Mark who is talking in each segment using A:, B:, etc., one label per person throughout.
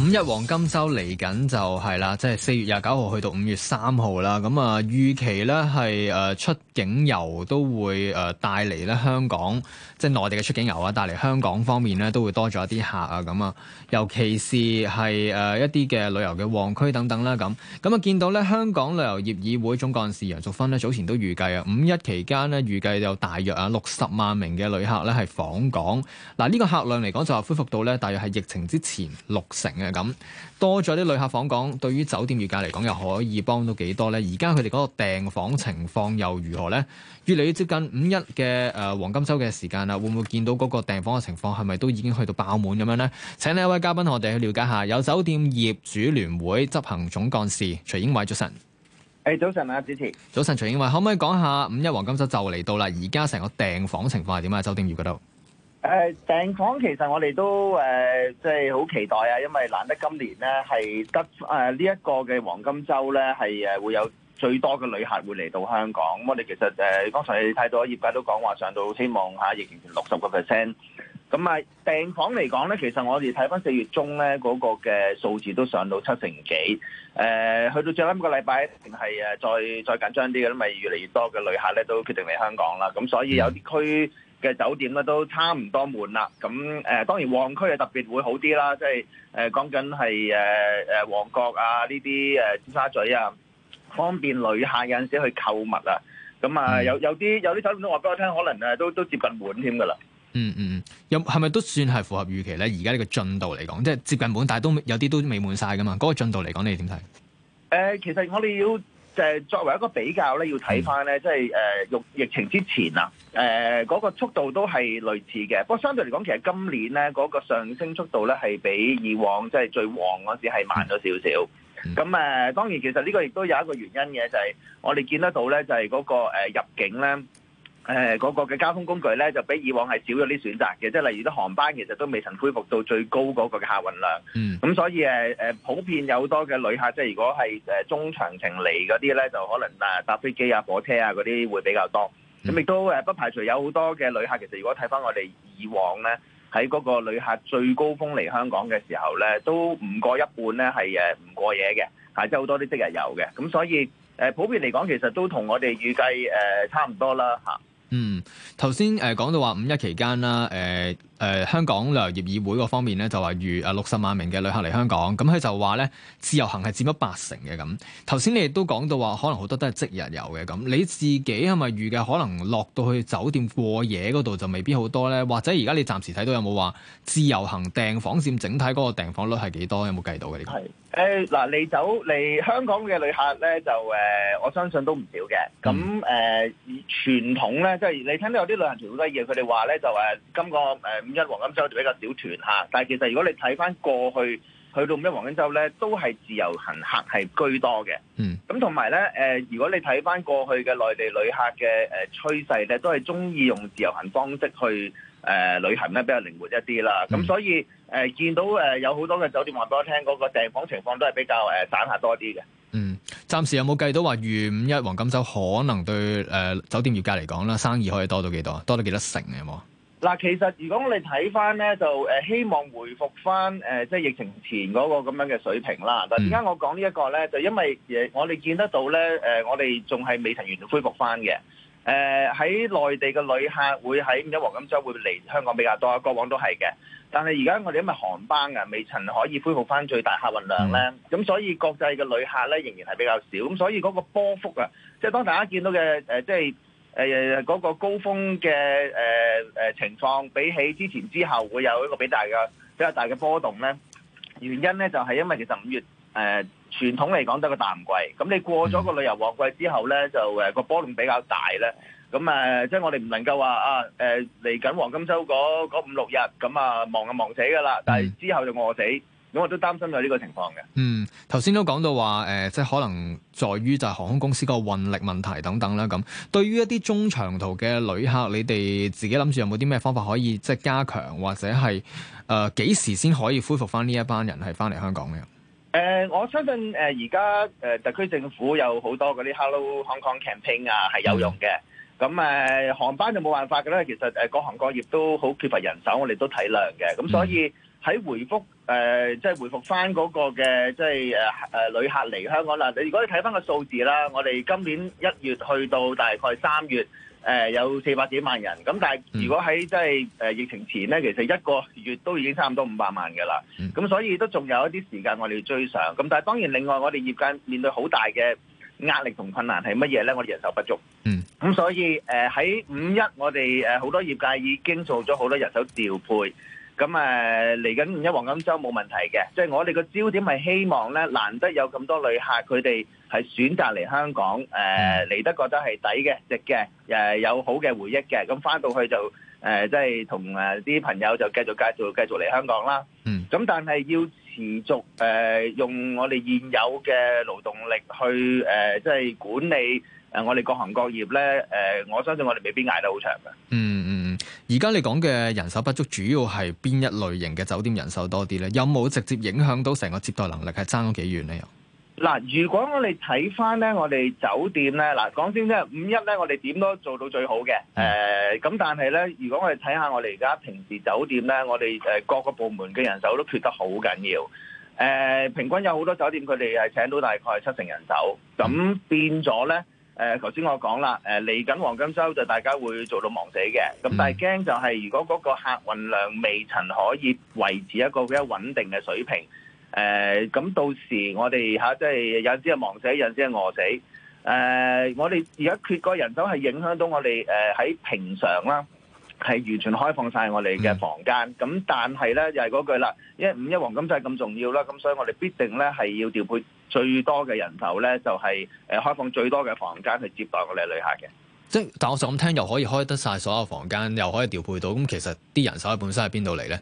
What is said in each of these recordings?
A: 五一黃金周嚟緊就係啦，即係四月廿九號去到五月三號啦。咁啊，預期咧係出境遊都會誒帶嚟咧香港，即係內地嘅出境遊啊，帶嚟香港方面咧都會多咗一啲客啊咁啊。尤其是係一啲嘅旅遊嘅旺區等等啦咁。咁啊，見到咧香港旅遊業議會總幹事楊淑芬呢，早前都預計啊，五一期間呢預計有大約啊六十萬名嘅旅客咧係訪港。嗱，呢個客量嚟講就係恢復到咧大約係疫情之前六成嘅。咁多咗啲旅客訪港，對於酒店業界嚟講，又可以幫到幾多呢？而家佢哋嗰個訂房情況又如何呢？越嚟越接近五一嘅誒黃金週嘅時間啦，會唔會見到嗰個訂房嘅情況係咪都已經去到爆滿咁樣呢？請呢一位嘉賓同我哋去了解下，有酒店業主聯會執行總幹事徐英偉，早晨。
B: 誒，早晨啊，主持。
A: 早晨，徐英偉，可唔可以講下五一黃金週就嚟到啦？而家成個訂房情況係點啊？酒店業嗰度？
B: 誒訂、呃、房其實我哋都誒即係好期待啊，因為難得今年咧係得誒呢一個嘅黃金週咧係誒會有最多嘅旅客會嚟到香港。咁我哋其實誒剛、呃、才你睇到業界都講話上到希望下疫情前六十個 percent。咁啊訂、呃、房嚟講咧，其實我哋睇翻四月中咧嗰、那個嘅數字都上到七成幾。誒、呃、去到最後一個禮拜，啊、一定係再再緊張啲嘅，因為越嚟越多嘅旅客咧都決定嚟香港啦。咁所以有啲區。嗯嘅酒店咧都差唔多滿啦，咁誒、呃、當然旺區啊特別會好啲啦，即係誒講緊係誒誒旺角啊呢啲誒尖沙咀啊，方便旅客有陣時去購物啊，咁啊、呃嗯、有有啲有啲酒店都話俾我聽，可能啊都都接
A: 近滿添㗎啦。嗯嗯，又係咪都算係符合預期咧？而家呢個進度嚟講，即係接近滿，但係都有啲都未滿晒㗎嘛。嗰個進度嚟講，你點睇？
B: 誒、呃，其實我哋要……就係作為一個比較咧，要睇返咧，即係誒疫疫情之前啊，誒嗰個速度都係類似嘅。不過相對嚟講，其實今年咧嗰個上升速度咧係比以往即係最旺嗰時係慢咗少少。咁誒當然其實呢個亦都有一個原因嘅，就係我哋見得到咧，就係嗰個入境咧。誒嗰、呃那個嘅交通工具咧，就比以往係少咗啲選擇嘅，即係例如啲航班其實都未曾恢復到最高嗰個嘅客運量。咁、嗯、所以誒、呃、普遍有好多嘅旅客，即係如果係中長程嚟嗰啲咧，就可能啊搭飛機啊、火車啊嗰啲會比較多。咁亦、嗯、都不排除有好多嘅旅客，其實如果睇翻我哋以往咧，喺嗰個旅客最高峰嚟香港嘅時候咧，都唔過一半咧係唔過夜嘅，係即係好多啲即日遊嘅。咁所以、呃、普遍嚟講，其實都同我哋預計誒、呃、差唔多啦嚇。
A: 嗯，頭先誒講到話五一期間啦，誒、呃。誒、呃、香港旅遊業議會個方面咧，就話預誒六十萬名嘅旅客嚟香港，咁佢就話咧自由行係佔咗八成嘅咁。頭先你亦都講到話，可能好多都係即日遊嘅咁。你自己係咪預計可能落到去酒店過夜嗰度就未必好多咧？或者而家你暫時睇到有冇話自由行訂房佔整體嗰個訂房率係幾多？有冇計到嘅呢個？係誒
B: 嗱，嚟、呃、走嚟香港嘅旅客咧，就誒、呃、我相信都唔少嘅。咁誒、呃、傳統咧，即、就、係、是、你聽到有啲旅行團好得意，佢哋話咧就誒今、這個誒。呃五一黃金週就比較少團客，但係其實如果你睇翻過去去到五一黃金週咧，都係自由行客係居多嘅。嗯，咁同埋咧，誒、呃、如果你睇翻過去嘅內地旅客嘅誒、呃、趨勢咧，都係中意用自由行方式去誒、呃、旅行咧，比較靈活一啲啦。咁、嗯、所以誒、呃、見到誒、呃、有好多嘅酒店話俾我聽，嗰、那個訂房情況都係比較誒散客多啲嘅。嗯，
A: 暫時有冇計到話，遇五一黃金週可能對誒、呃、酒店業界嚟講咧，生意可以多到幾多少？多到幾多少成？有冇？
B: 嗱，其實如果我哋睇翻咧，就誒希望回復翻誒、呃、即係疫情前嗰個咁樣嘅水平啦。嗱、嗯、點解我講呢一個咧？就因為誒我哋見得到咧，誒、呃、我哋仲係未曾完全恢復翻嘅。誒、呃、喺內地嘅旅客會喺五一黃金週會嚟香港比較多，過往都係嘅。但係而家我哋因為航班啊，未曾可以恢復翻最大客運量咧，咁、嗯、所以國際嘅旅客咧仍然係比較少。咁所以嗰個波幅啊，即係當大家見到嘅誒、呃，即係。誒嗰個高峰嘅誒誒情況，比起之前之後會有一個比較大嘅比較大嘅波動咧。原因咧就係因為其實五月誒傳統嚟講都係個淡季，咁你過咗個旅遊旺季之後咧，就誒個波動比較大咧。咁誒即係我哋唔能夠話啊，誒嚟緊黃金週嗰嗰五六日，咁啊忙就忙死㗎啦，但係之後就餓死。咁我都擔心有呢個情況嘅。
A: 嗯，頭先都講到話誒、呃，即係可能在於就係航空公司個運力問題等等啦。咁對於一啲中長途嘅旅客，你哋自己諗住有冇啲咩方法可以即係加強，或者係誒幾時先可以恢復返呢一班人係返嚟香港嘅？
B: 誒、呃，我相信誒而家誒特區政府有好多嗰啲 Hello Hong Kong Campaign 啊，係有用嘅。咁誒、嗯呃、航班就冇辦法嘅啦。其實誒、呃、各行各業都好缺乏人手，我哋都體諒嘅。咁所以喺回覆。誒，即係回復翻嗰個嘅，即係誒誒旅客嚟香港啦。如果你睇翻個數字啦，我哋今年一月去到大概三月，誒有四百幾萬人。咁但係如果喺即係誒疫情前咧，其實一個月都已經差唔多五百萬㗎啦。咁所以都仲有一啲時間我哋要追上。咁但係當然另外我哋業界面對好大嘅壓力同困難係乜嘢咧？我哋人手不足。嗯。咁所以誒喺五一我哋誒好多業界已經做咗好多人手調配。咁誒嚟緊五一黃金週冇問題嘅，即係我哋個焦點係希望咧，難得有咁多旅客佢哋係選擇嚟香港，誒嚟得覺得係抵嘅、值嘅，誒有好嘅回憶嘅，咁返到去就誒即係同誒啲朋友就繼續、繼續、繼續嚟香港啦。嗯，咁但係要持續誒用我哋現有嘅勞動力去誒即係管理誒我哋各行各業咧，誒我相信我哋未必捱得好長嘅。嗯。
A: 而家你講嘅人手不足，主要係邊一類型嘅酒店人手多啲呢？有冇直接影響到成個接待能力係爭咗幾遠呢？又
B: 嗱，如果我哋睇返呢，我哋酒店呢嗱，講先啫，五一呢，我哋點都做到最好嘅誒，咁但係呢，如果我哋睇下我哋而家平時酒店呢，我哋誒各個部門嘅人手都缺得好緊要，誒平均有好多酒店佢哋係請到大概七成人手，咁變咗呢。誒頭先我講啦，誒嚟緊黃金週就大家會做到忙死嘅，咁但係驚就係如果嗰個客運量未曾可以維持一個比較穩定嘅水平，誒、呃、咁到時我哋即係有啲係忙死，有啲係餓死，誒、呃、我哋而家缺個人手係影響到我哋誒喺平常啦。係完全開放晒我哋嘅房間，咁、嗯、但係呢，又係嗰句啦，因為五一黃金就係咁重要啦，咁所以我哋必定呢係要調配最多嘅人手呢，就係誒開放最多嘅房間去接待我哋旅客嘅。
A: 即但我咁聽又可以開得晒所有房間，又可以調配到，咁其實啲人手本身喺邊度嚟呢？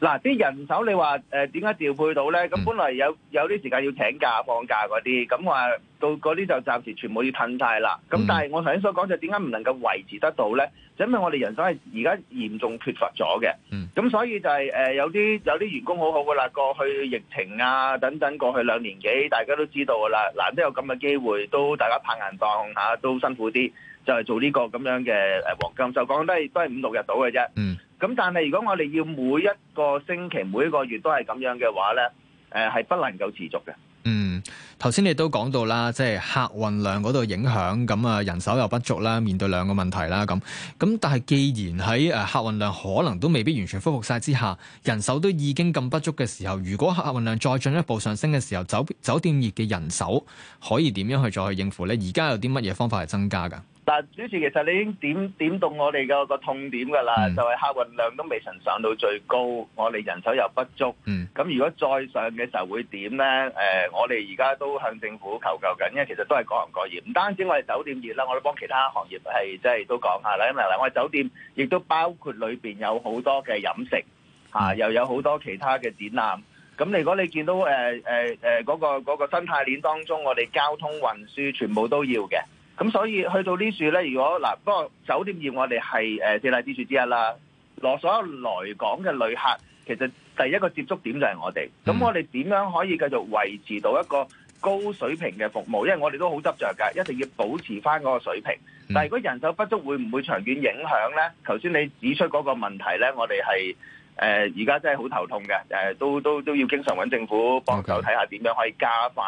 B: 嗱，啲人手你話誒點解調配到咧？咁本來有有啲時間要請假、放假嗰啲，咁話到嗰啲就暫時全部要褪晒啦。咁但係我頭先所講就點解唔能夠維持得到咧？就是、因為我哋人手係而家嚴重缺乏咗嘅。咁所以就係、是、誒、呃、有啲有啲員工好好嘅啦。過去疫情啊等等，過去兩年幾大家都知道嘅啦。難得有咁嘅機會，都大家拍硬檔吓，都辛苦啲，就係、是、做呢個咁樣嘅誒黃金，就講都係都係五六日到嘅啫。嗯咁但係如果我哋要每一個星期每一個月都係咁樣嘅話呢，誒係不能夠持續嘅。
A: 嗯，頭先你都講到啦，即係客運量嗰度影響，咁啊人手又不足啦，面對兩個問題啦，咁咁但係既然喺誒客運量可能都未必完全恢復晒之下，人手都已經咁不足嘅時候，如果客運量再進一步上升嘅時候，酒酒店業嘅人手可以點樣去再去應付呢？而家有啲乜嘢方法係增加㗎？
B: 嗱，主持其實你已經點點到我哋嘅個痛點㗎啦，嗯、就係客運量都未曾上到最高，我哋人手又不足。咁、嗯、如果再上嘅時候會點呢？誒、呃，我哋而家都向政府求救緊，因為其實都係各行各業，唔單止我哋酒店業啦，我都幫其他行業係即係都講一下啦。因為嗱，我哋酒店亦都包括裏邊有好多嘅飲食吓、啊，又有好多其他嘅展覽。咁如果你見到誒誒誒嗰個嗰、嗰個生態鏈當中，我哋交通運輸全部都要嘅。咁所以去到這呢處咧，如果嗱，不過酒店業我哋係誒四大支柱之一啦。攞所有來港嘅旅客，其實第一個接觸點就係我哋。咁、嗯、我哋點樣可以繼續維持到一個高水平嘅服務？因為我哋都好執着㗎，一定要保持翻嗰個水平。但係如果人手不足，會唔會長遠影響咧？頭先你指出嗰個問題咧，我哋係誒而家真係好頭痛嘅。誒、呃、都都都要經常揾政府幫手睇下點樣可以加快。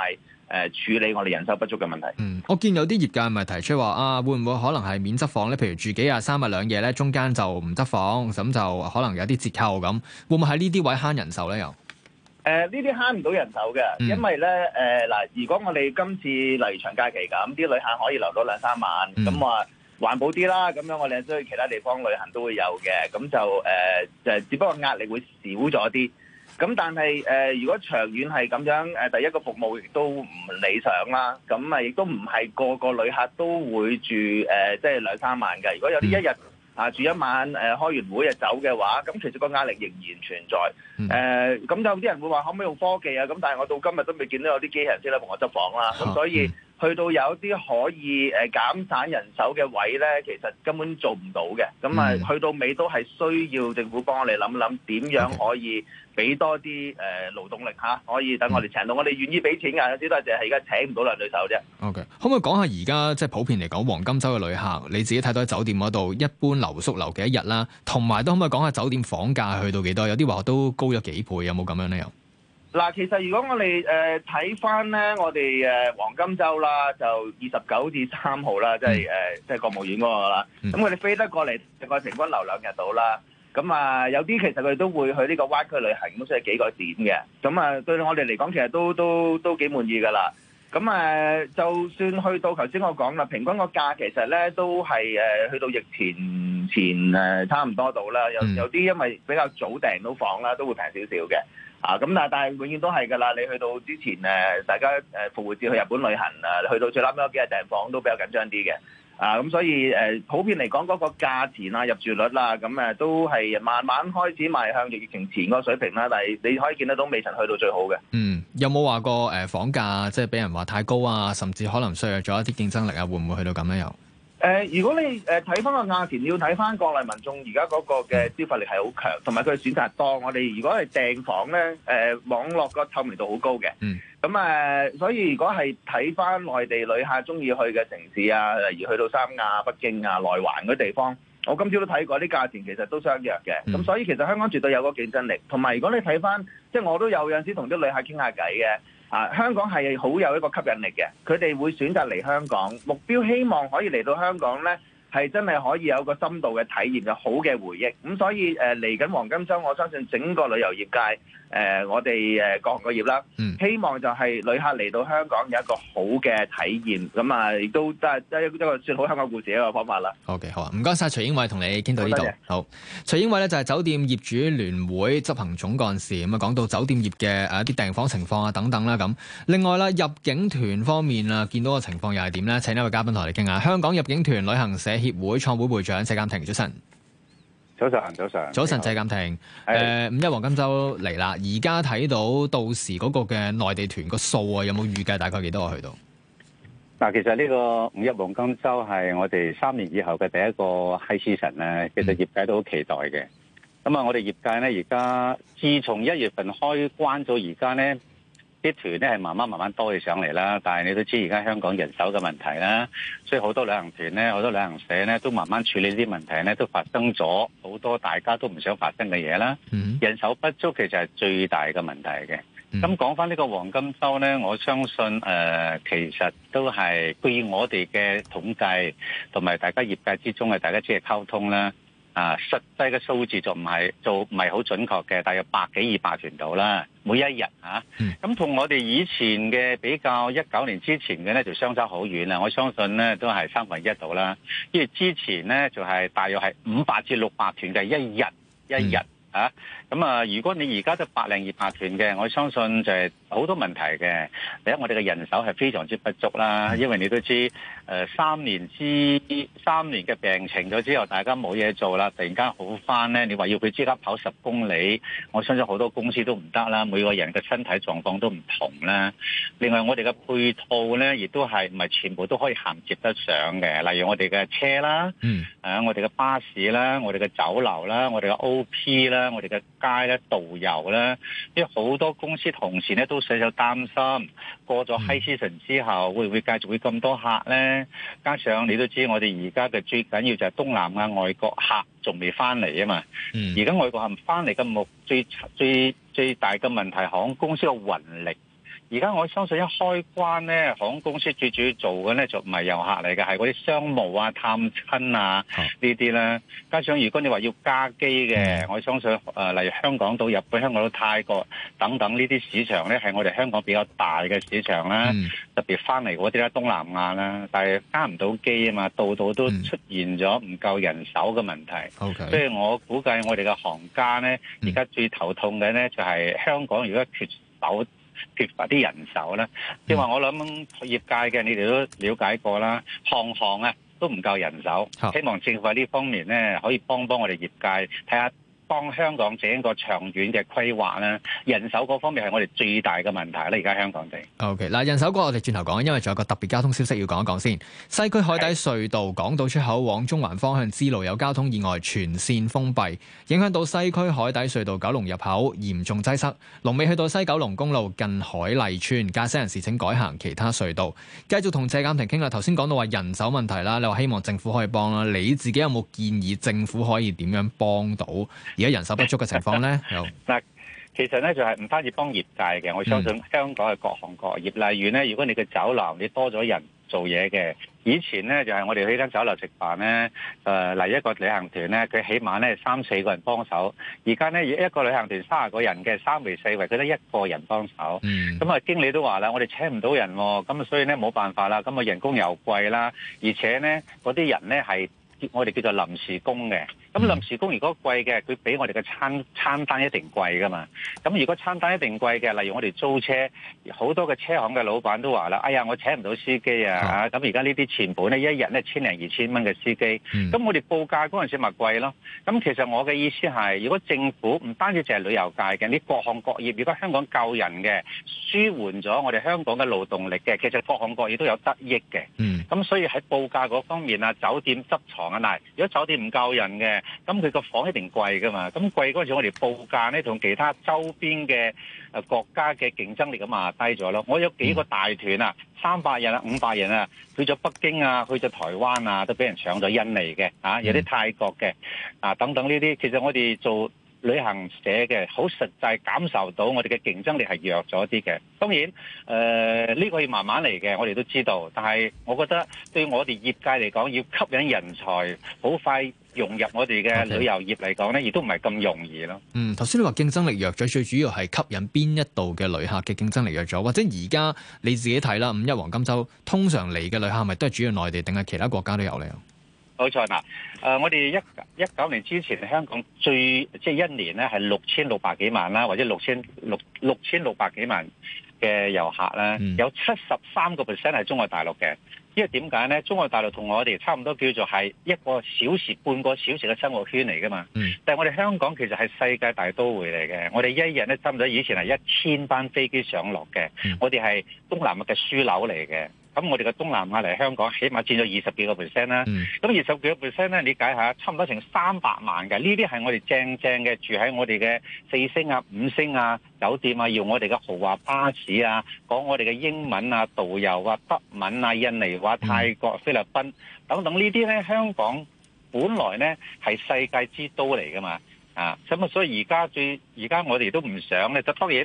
B: 誒處理我哋人手不足嘅問題。嗯，
A: 我見有啲業界咪提出話啊，會唔會可能係免執房咧？譬如住幾日三日兩夜咧，中間就唔執房，咁就可能有啲折扣咁。會唔會喺呢啲位慳人手咧？又
B: 誒、呢啲慳唔到人手嘅，嗯、因為咧誒嗱，如果我哋今次例如長假期咁，啲旅客可以留到兩三晚，咁話、嗯、環保啲啦，咁樣我哋去其他地方旅行都會有嘅，咁就誒、呃，就係只不過壓力會少咗啲。咁但係誒、呃，如果長遠係咁樣、呃、第一個服務亦都唔理想啦。咁、呃、亦都唔係個個旅客都會住誒、呃，即係兩三晚嘅。如果有啲一日啊、呃、住一晚誒、呃，開完會就走嘅話，咁其實個壓力仍然存在。誒、呃，咁、嗯嗯、有啲人會話可唔可以用科技啊？咁但係我到今日都未見到有啲機器人先得同我執房啦。咁、哦、所以。嗯去到有啲可以誒減省人手嘅位呢，其實根本做唔到嘅。咁啊、嗯，去到尾都係需要政府幫我哋諗諗點樣可以俾多啲誒勞動力下、嗯、可以等我哋請到。我哋願意俾錢㗎，有啲多就係而家請唔到兩對手啫。
A: OK，可唔可以講下而家即係普遍嚟講，黃金週嘅旅客，你自己睇到喺酒店嗰度一般留宿留幾多日啦？同埋都可唔可以講下酒店房價去到幾多？有啲話都高咗幾倍，有冇咁樣呢？
B: 嗱，其實如果我哋誒睇翻咧，呃、我哋誒、呃、黃金週啦，就二十九至三號啦，即係誒即係國務院嗰個啦。咁佢哋飛得過嚟，大概平均留兩日到啦。咁啊、呃，有啲其實佢哋都會去呢個灣區旅行，都出咗幾個點嘅。咁啊，對我哋嚟講，其實都都都都幾滿意噶啦。咁誒、呃，就算去到頭先我講啦，平均個價其實咧都係誒、呃、去到疫情前前誒、呃、差唔多到啦。有有啲因為比較早訂到房啦，都會平少少嘅。啊，咁但係永遠都係㗎喇，你去到之前誒，大家誒、呃、復活節去日本旅行啊，去到最拉尾嗰幾日訂房都比較緊張啲嘅。啊，咁所以誒、呃，普遍嚟講嗰個價錢啊、入住率啦、啊，咁、啊、誒都係慢慢開始邁向疫情前嗰個水平啦。但係你可以見得到未曾去到最好
A: 嘅。嗯，有冇話過誒房價即係俾人話太高啊？甚至可能削弱咗一啲競爭力啊？會唔會去到咁樣呢？
B: 誒、呃，如果你睇翻個價錢，要睇翻國內民眾而家嗰個嘅消費力係好強，同埋佢選擇多。當我哋如果係訂房咧，誒、呃，網絡個透明度好高嘅。嗯。咁誒、呃，所以如果係睇翻內地旅客中意去嘅城市啊，例如去到三亞、北京啊、內環嗰啲地方，我今朝都睇過啲價錢，其實都相若嘅。咁、嗯、所以其實香港絕對有個競爭力。同埋如果你睇翻，即係我都有有陣時同啲旅客傾下偈嘅。啊！香港係好有一個吸引力嘅，佢哋會選擇嚟香港，目標希望可以嚟到香港呢，係真係可以有個深度嘅體驗，有好嘅回憶。咁所以誒，啊，嚟緊黃金周，我相信整個旅遊業界。誒，我哋誒各行各業啦，希望就係旅客嚟到香港有一個好嘅體驗，咁啊亦都都係一個説好香港故事一個方法啦。
A: 好嘅，好啊，唔該曬徐英偉，同你傾到呢度。好，徐英偉呢就係酒店業主聯會執行總幹事，咁啊講到酒店業嘅誒一啲訂房情況啊等等啦，咁另外啦入境團方面啊，見到個情況又係點呢？請一位嘉賓同我哋傾下，香港入境團旅行社協會創會會長謝淦廷，早晨。
C: 早晨，早晨，早晨的，謝
A: 淦廷，誒五一黃金周嚟啦！而家睇到到時嗰個嘅內地團個數啊，有冇預計大概幾多個去到？
C: 嗱，其實呢個五一黃金周係我哋三年以後嘅第一個 high season 咧，其實業界都好期待嘅。咁啊、嗯，我哋業界咧而家，自從一月份開關咗，而家咧。啲團咧係慢慢慢慢多起上嚟啦，但係你都知而家香港人手嘅問題啦，所以好多旅行團咧、好多旅行社咧都慢慢處理呢啲問題咧，都發生咗好多大家都唔想發生嘅嘢啦。人手不足其實係最大嘅問題嘅。咁講翻呢個黃金周咧，我相信誒、呃、其實都係據我哋嘅統計同埋大家業界之中嘅大家即係溝通啦。啊，實際嘅數字就唔係就唔係好準確嘅，大約百幾二百團到啦，每一日嚇。咁、啊、同、嗯、我哋以前嘅比較，一九年之前嘅咧就相差好遠啦。我相信咧都係三分一度啦，因為之前咧就係、是、大約係五百至六百團嘅一日，一日嚇。一咁啊、嗯，如果你而家都百零二百團嘅，我相信就係好多問題嘅。第一，我哋嘅人手係非常之不足啦，因為你都知誒、呃、三年之三年嘅病情咗之後，大家冇嘢做啦，突然間好翻咧，你話要佢即刻跑十公里，我相信好多公司都唔得啦。每個人嘅身體狀況都唔同啦。另外，我哋嘅配套咧，亦都係唔係全部都可以銜接得上嘅。例如我哋嘅車啦，嗯，誒、啊，我哋嘅巴士啦，我哋嘅酒樓啦，我哋嘅 OP 啦，我哋嘅。街咧、嗯、導遊咧，因為好多公司同事咧都少少擔心過咗 high season 之後會唔會繼續會咁多客咧？加上你都知我哋而家嘅最緊要就係東南亞外國客仲未翻嚟啊嘛。而家、嗯、外國客唔翻嚟嘅目最最最大嘅問題係航空公司嘅運力。而家我相信一開關咧，航空公司最主要做嘅咧就唔係遊客嚟嘅，係嗰啲商務啊、探親啊、oh. 這些呢啲啦。加上如果你話要加機嘅，mm. 我相信誒、呃，例如香港到日本、香港到泰國等等呢啲市場咧，係我哋香港比較大嘅市場啦。Mm. 特別翻嚟嗰啲啦，東南亞啦，但係加唔到機啊嘛，度度都出現咗唔夠人手嘅問題。Mm. OK，所以我估計我哋嘅行家咧，而家最頭痛嘅咧就係、是、香港如果缺手。缺乏啲人手啦，即係話我諗業界嘅，你哋都了解過啦，行行啊都唔夠人手，希望政府喺呢方面咧可以幫幫我哋業界睇下。看看幫香港整一個長遠嘅規劃咧，人手嗰方面係我哋最大嘅問題咧。而家香港
A: 地，O K 嗱，okay, 人手嗰，我哋轉頭講，因為仲有個特別交通消息要講一講先。西區海底隧道港島出口往中環方向支路有交通意外，全線封閉，影響到西區海底隧道九龍入口嚴重擠塞，龍尾去到西九龍公路近海麗邨，駕駛人士請改行其他隧道。繼續同謝淦廷傾啦，頭先講到話人手問題啦，你話希望政府可以幫啦，你自己有冇建議政府可以點樣幫到？而家人手不足嘅情況咧，
C: 嗱，其實咧就係唔單止幫業界嘅，我相信香港係各行各業。例如咧，如果你嘅酒樓你多咗人做嘢嘅，以前咧就係我哋去間酒樓食飯咧，誒，嚟一個旅行團咧，佢起碼咧三四個人幫手。而家咧，一個旅行團三十個人嘅三圍四圍，佢得一個人幫手。咁啊，經理都話啦，我哋請唔到人喎，咁啊，所以咧冇辦法啦，咁啊人工又貴啦，而且咧嗰啲人咧係我哋叫做臨時工嘅。咁臨時工如果貴嘅，佢俾我哋嘅餐餐單一定貴噶嘛？咁如果餐單一定貴嘅，例如我哋租車，好多嘅車行嘅老闆都話啦，哎呀，我請唔到司機啊！咁而家呢啲錢本咧，一日咧千零二千蚊嘅司機，咁、嗯、我哋報價嗰陣時咪貴咯。咁其實我嘅意思係，如果政府唔單止淨係旅遊界嘅，你各行各業，如果香港夠人嘅，舒緩咗我哋香港嘅勞動力嘅，其實各行各業都有得益嘅。嗯。咁所以喺報價嗰方面啊，酒店執床啊，嗱，如果酒店唔夠人嘅，咁佢個房一定貴㗎嘛，咁貴嗰陣時我哋報價咧，同其他周邊嘅誒國家嘅競爭力咁啊低咗咯。我有幾個大團啊，三百人啊，五百人啊，去咗北京啊，去咗台灣啊，都俾人搶咗印尼嘅，啊，有啲泰國嘅，啊等等呢啲，其實我哋做旅行社嘅好實際感受到我哋嘅競爭力係弱咗啲嘅。當然，誒呢個要慢慢嚟嘅，我哋都知道。但係，我覺得對我哋業界嚟講，要吸引人才，好快融入我哋嘅旅遊業嚟講呢亦都唔係咁容易咯。
A: 嗯，頭先你話競爭力弱咗，最主要係吸引邊一度嘅旅客嘅競爭力弱咗，或者而家你自己睇啦，五一黃金週通常嚟嘅旅客係咪都係主要內地，定係其他國家都有嚟？
C: 冇錯嗱，誒、呃，我哋一一九年之前，香港最即係一年咧係六千六百幾萬啦，或者六千六六千六百幾萬嘅遊客啦，有七十三個 percent 係中國大陸嘅。因為點解咧？中國大陸同我哋差唔多，叫做係一個小時半個小時嘅生活圈嚟噶嘛。嗯、但係我哋香港其實係世界大都會嚟嘅，我哋一日咧差唔多以前係一千班飛機上落嘅，嗯、我哋係東南亞嘅樞紐嚟嘅。咁我哋嘅東南亞嚟香港起碼，起碼佔咗二十幾個 percent 啦。咁二十幾個 percent 咧，你解，解下，差唔多成三百萬嘅。呢啲係我哋正正嘅住喺我哋嘅四星啊、五星啊酒店啊，用我哋嘅豪華巴士啊，講我哋嘅英文啊、導遊啊、德文啊、印尼話、啊、嗯、泰國、菲律賓等等呢啲咧。香港本來咧係世界之都嚟噶嘛，啊，咁啊，所以而家最而家我哋都唔想咧，就當然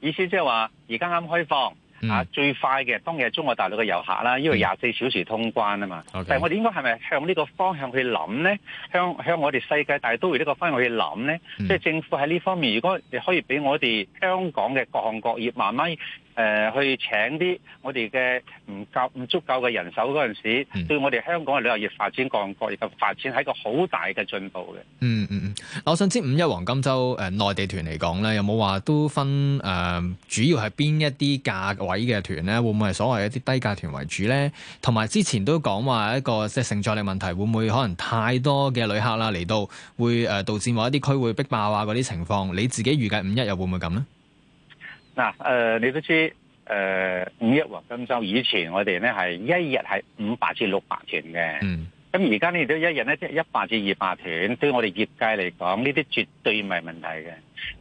C: 意思即係話而家啱開放。嗯、啊，最快嘅當然係中國大陸嘅遊客啦，因為廿四小時通關啊嘛。嗯、但我哋應該係咪向呢個方向去諗咧？向向我哋世界大都會呢個方向去諗咧。嗯、即係政府喺呢方面，如果你可以俾我哋香港嘅各行各業慢慢，誒、呃、去請啲我哋嘅唔夠唔足夠嘅人手嗰陣時，嗯、對我哋香港嘅旅遊業發展過往亦嘅發展係一個好大嘅進步嘅。
A: 嗯嗯嗯，我想知五一黃金週誒、呃、內地團嚟講咧，有冇話都分、呃、主要係邊一啲價位嘅團咧？會唔會係所謂一啲低價團為主咧？同埋之前都講話一個即係承載力問題，會唔會可能太多嘅旅客啦嚟到會誒導致某一啲區會逼爆啊嗰啲情況？你自己預計五一又會唔會咁呢？
C: 嗱、呃，你都知，誒、呃，五一黃金週以前我呢，我哋咧係一日係五百至六百團嘅，嗯，咁而家呢都一日咧即係一百至二百團，對我哋業界嚟講，呢啲絕對唔係問題嘅。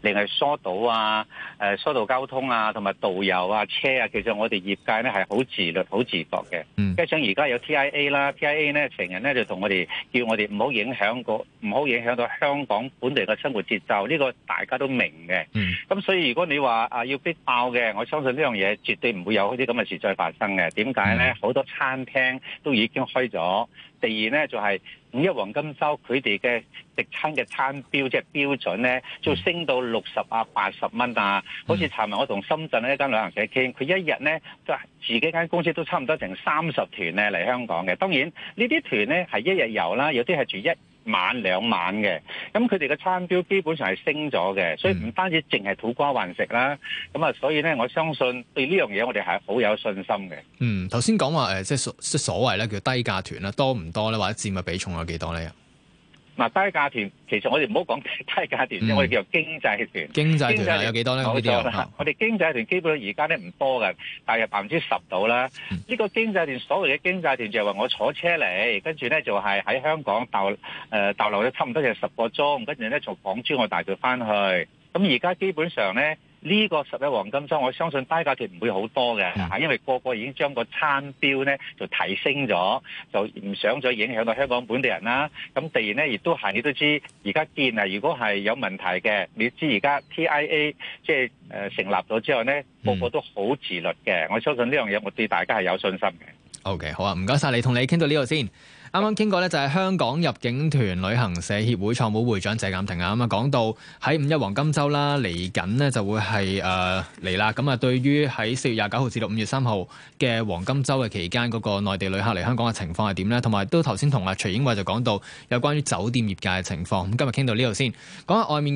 C: 另外疏導啊，誒疏導交通啊，同埋導遊啊、車啊，其實我哋業界咧係好自律、好自覺嘅。加上而家有 TIA 啦，TIA 咧成日咧就同我哋叫我哋唔好影響個，唔好影響到香港本地嘅生活節奏。呢個大家都明嘅。嗯，咁所以如果你話啊要逼爆嘅，我相信呢樣嘢絕對唔會有啲咁嘅事再發生嘅。點解咧？嗯，好多餐廳都已經開咗。第二咧就係。五一黃金周佢哋嘅食餐嘅餐標即係標準咧，就升到六十啊八十蚊啊！好似尋日我同深圳呢一間旅行社傾，佢一日咧就自己間公司都差唔多成三十團咧嚟香港嘅。當然呢啲團咧係一日遊啦，有啲係住一。晚兩晚嘅，咁佢哋嘅餐標基本上係升咗嘅，所以唔單止淨係土瓜灣食啦，咁啊，所以咧我相信對呢樣嘢我哋係好有信心嘅。嗯，
A: 頭先講話誒，即係所即係所謂咧叫低價團啦，多唔多咧，或者佔嘅比重有幾多咧？
C: 嗱低價團，其實我哋唔好講低價團，嗯、我哋叫做經濟團。經濟團,、啊、經濟團有幾多咧？好像啊、我哋經濟團基本上而家咧唔多嘅，大約百分之十到啦。呢、嗯、個經濟團所謂嘅經濟團就係話我坐車嚟，跟住咧就係喺香港逗誒逗留咗差唔多成十個鐘，跟住咧從港珠澳大隊翻去。咁而家基本上咧。呢個十一黃金周，我相信低價團唔會好多嘅，因為個個已經將個餐標咧就提升咗，就唔想再影響到香港本地人啦。咁第二咧，亦都係你都知，而家建啊，如果係有問題嘅，你知而家 TIA 即、呃、係誒成立咗之後咧，個個都好自律嘅。我相信呢樣嘢，我對大家係有信心嘅。OK，
A: 好啊，唔該晒，你，同你傾到呢度先。啱啱傾過咧，就係香港入境團旅行社協會創會會長謝淦廷啊，咁啊講到喺五一黃金周啦，嚟緊咧就會係誒嚟啦。咁、呃、啊，對於喺四月廿九號至到五月三號嘅黃金周嘅期間，嗰個內地旅客嚟香港嘅情況係點咧？同埋都頭先同阿徐英偉就講到有關於酒店業界嘅情況，咁今日傾到呢度先，講下外面嘅。